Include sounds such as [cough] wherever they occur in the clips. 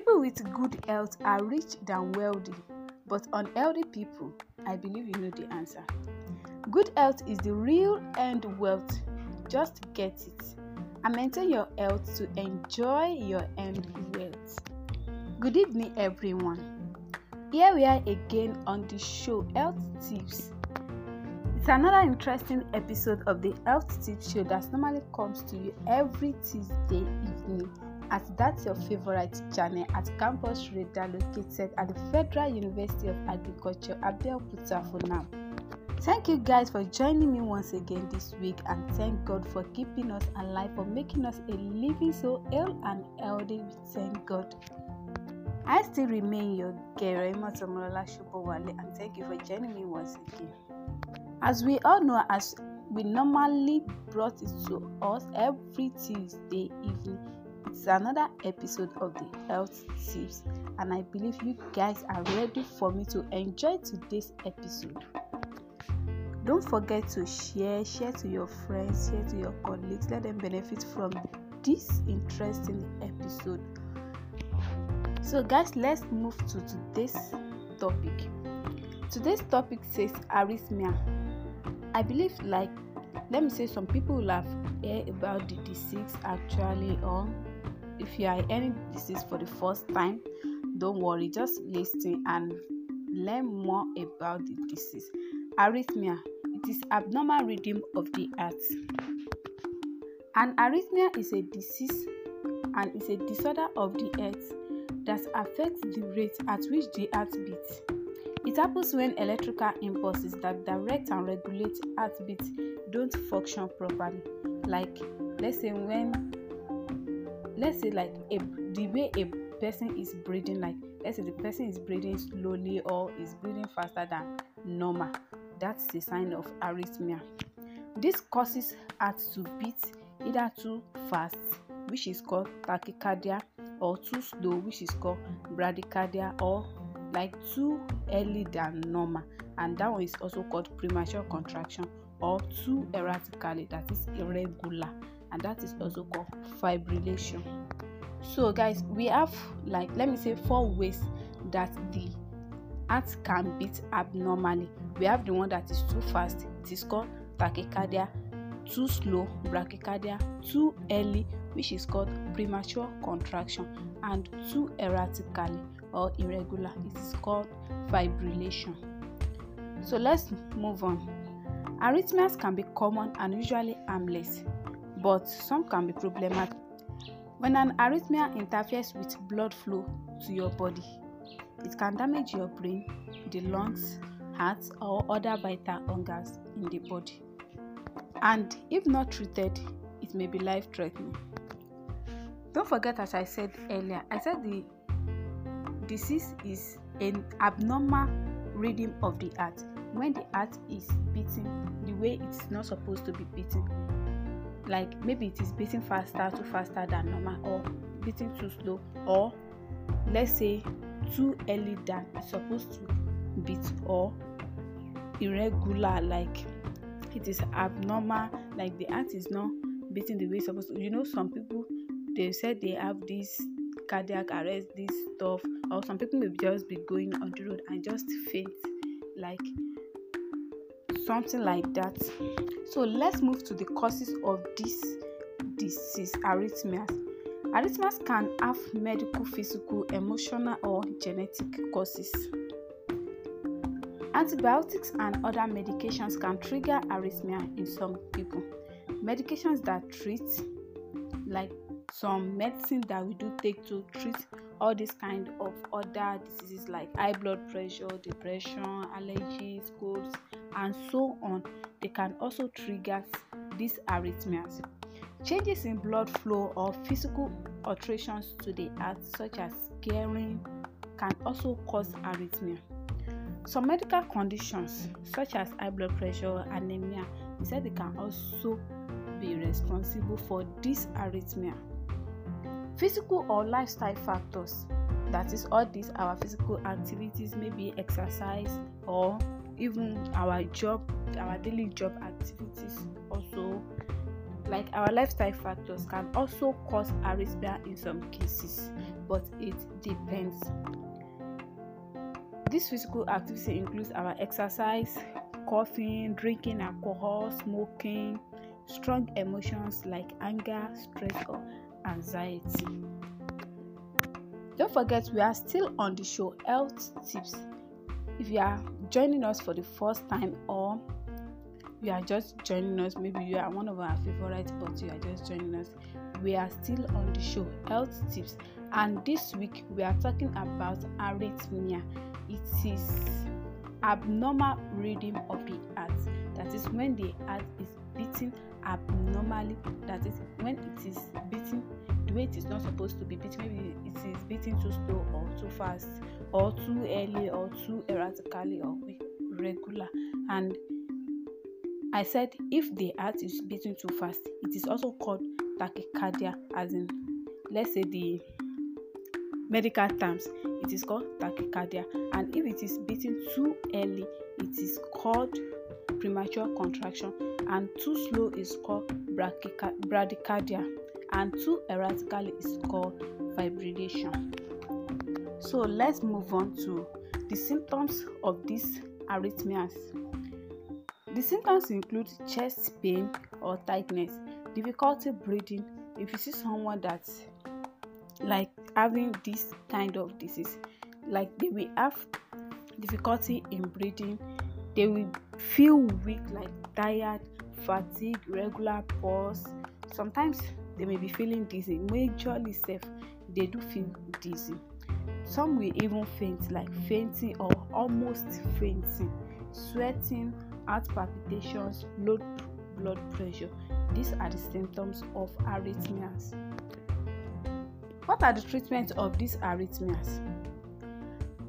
People with good health are rich than wealthy, but unhealthy people, I believe you know the answer. Good health is the real end wealth. Just get it and maintain your health to enjoy your end wealth. Good evening, everyone. Here we are again on the show Health Tips. It's another interesting episode of the Health Tips Show that normally comes to you every Tuesday evening As That's Your Favorite channel at Campus Radar located at the Federal University of Agriculture, Abeokuta for now. Thank you guys for joining me once again this week and thank God for keeping us alive, for making us a living so ill and healthy. thank God. I still remain your girl, Emma Shubowale, and thank you for joining me once again. As we all know, as we normally brought it to us every Tuesday evening, It's another episode of the Health Tips, and I believe you guys are ready for me to enjoy today's episode. Don't forget to share, share to your friends, share to your colleagues, let them benefit from this interesting episode. So, guys, let's move to today's topic. Today's topic says arrhythmia. I believe, like, let me say, some people have heard about the disease actually, or if you are hearing disease for the first time don't worry just listen and learn more about the disease arrhythmia it is abnormal rhythm of the heart an arrhythmia is a disease and is a disorder of the heart that affects the rate at which the heart beats it happens when electrical impulses that direct and regulate heartbeat don't function properly like let's say when let's say like a the way a person is breathing like let's say the person is breathing slowly or is breathing faster than normal that's a sign of arrhythmia this causes heart to beat either too fast which is called tachycardia or too slow which is called bradycardia or like too early than normal and that one is also called premature contraction or too erratically that is irregular and that is also called fibrillation so guys we have like let me say four ways that the heart can beat abnormally we have the one that is too fast it is called tachycardia too slow brachycardia too early which is called premature contraction and too erratically or irregular it is called fibrillation so let's move on arrhythmias can be common and usually harmless but some can be problematic. When an arrhythmia interferes with blood flow to your body, it can damage your brain, the lungs, heart, or other vital organs in the body. And if not treated, it may be life threatening. Don't forget, as I said earlier, I said the disease is an abnormal rhythm of the heart. When the heart is beating the way it's not supposed to be beating, like maybe it is beating faster too faster than normal or beating too slow or let's say too early than it's supposed to beat or irregular like it is abnormal like the heart is not beating the way it's supposed to you know some people they said they have this cardiac arrest this stuff or some people may just be going on the road and just faint like something like that. So let's move to the causes of this disease, arrhythmias. Arrhythmias can have medical, physical, emotional, or genetic causes. Antibiotics and other medications can trigger arrhythmia in some people. Medications that treat, like some medicine that we do take to treat all these kind of other diseases like high blood pressure, depression, allergies, colds, and so on, they can also trigger these arrhythmias. Changes in blood flow or physical alterations to the heart, such as scaring, can also cause arrhythmia. Some medical conditions, such as high blood pressure, anemia, said they can also be responsible for this arrhythmia. Physical or lifestyle factors, that is, all these our physical activities, maybe exercise or even our job our daily job activities also like our lifestyle factors can also cause arrhythmia in some cases but it depends this physical activity includes our exercise coughing drinking alcohol smoking strong emotions like anger stress or anxiety don't forget we are still on the show health tips if you are joining us for the first time or you are just joining us maybe you are one of our favorites but you are just joining us we are still on the show health tips and this week we are talking about arrhythmia it is abnormal rhythm of the heart that is when the heart is beating abnormally that is when it is beating the weight is not supposed to be beating. maybe it is beating too slow or too fast or too early or too erratically or regular and i said if the heart is beating too fast it is also called tachycardia as in let's say the medical terms it is called tachycardia and if it is beating too early it is called premature contraction and too slow is called bradycardia and too erratically is called fibrillation. So let's move on to the symptoms of these arrhythmias. The symptoms include chest pain or tightness, difficulty breathing. If you see someone that's like having this kind of disease, like they will have difficulty in breathing, they will feel weak, like tired, fatigue, regular pulse. Sometimes they may be feeling dizzy majorly self they do feel dizzy some will even faint like fainting or almost fainting sweating heart palpitations low blood pressure these are the symptoms of arrhythmias what are the treatments of these arrhythmias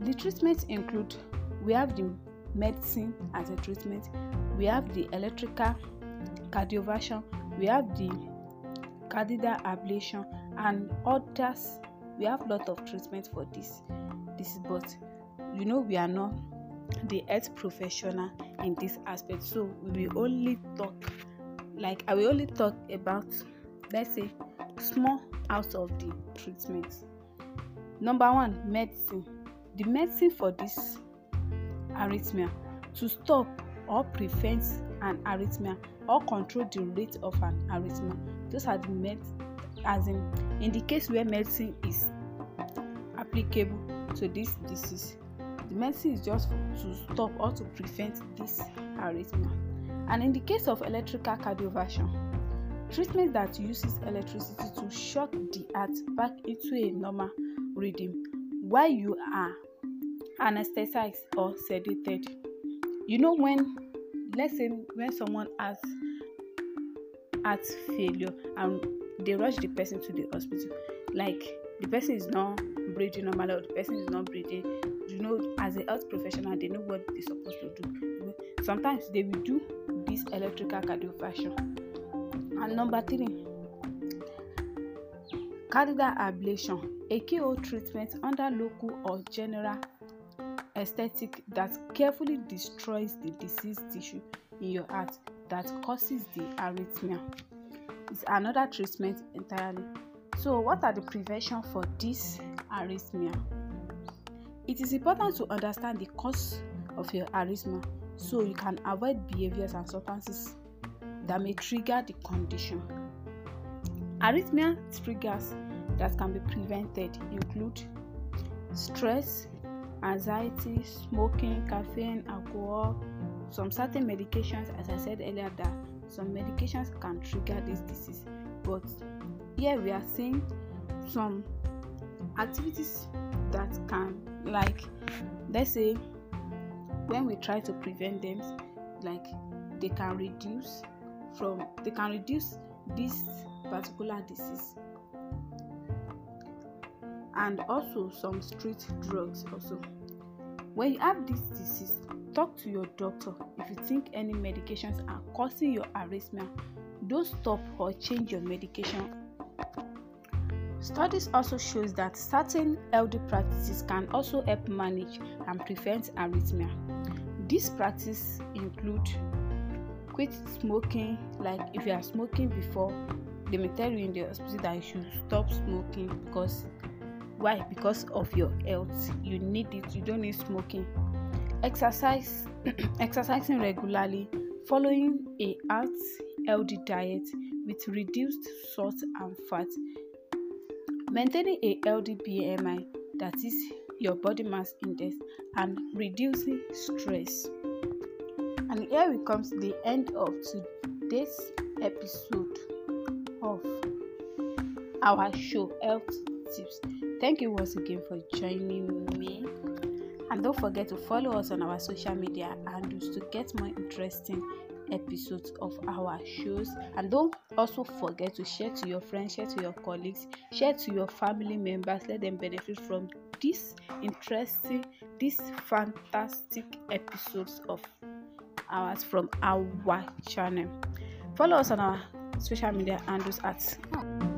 the treatments include we have the medicine as a treatment we have the electrical cardioversion we have the candida ablation and others we have lot of treatment for this this but you know we are not the health professional in this aspect so we will only talk like i will only talk about let's say small out of the treatment number one medicine the medicine for this arrhythmia to stop or prevent an arrhythmia or control the rate of an arrhythmia those are the met as in in the case where medicine is applicable to this disease the medicine is just to stop or to prevent this arrhythmia and in the case of electrical cardioversion treatment that uses electricity to shock the heart back into a normal rhythm while you are anesthetized or sedated you know when let's say when someone has heart failure and they rush the person to the hospital like the person is not breathing normally or the person is not breathing you know as a health professional they know what they're supposed to do sometimes they will do this electrical cardiovascular and number three cardiac ablation a ko treatment under local or general aesthetic that carefully destroys the diseased tissue in your heart that causes the arrhythmia is another treatment entirely. So, what are the prevention for this arrhythmia? It is important to understand the cause of your arrhythmia so you can avoid behaviors and substances that may trigger the condition. Arrhythmia triggers that can be prevented include stress, anxiety, smoking, caffeine, alcohol, some certain medications, as I said earlier, that some medications can trigger this disease, but here we are seeing some activities that can, like, let's say, when we try to prevent them, like, they can reduce from they can reduce this particular disease and also some street drugs also when you have this disease Talk to your doctor if you think any medications are causing your arrhythmia. Don't stop or change your medication. Studies also shows that certain healthy practices can also help manage and prevent arrhythmia. These practices include quit smoking, like if you are smoking before, they may tell you in the hospital that you should stop smoking because why? Because of your health. You need it, you don't need smoking. Exercise, [clears throat] exercising regularly, following a heart healthy diet with reduced salt and fat, maintaining a healthy BMI that is your body mass index and reducing stress. And here we come to the end of today's episode of our show Health Tips. Thank you once again for joining me. And don't forget to follow us on our social media and to get more interesting episodes of our shows and don't also forget to share to your friends share to your colleagues share to your family members let them benefit from this interesting this fantastic episodes of ours from our channel follow us on our social media handles at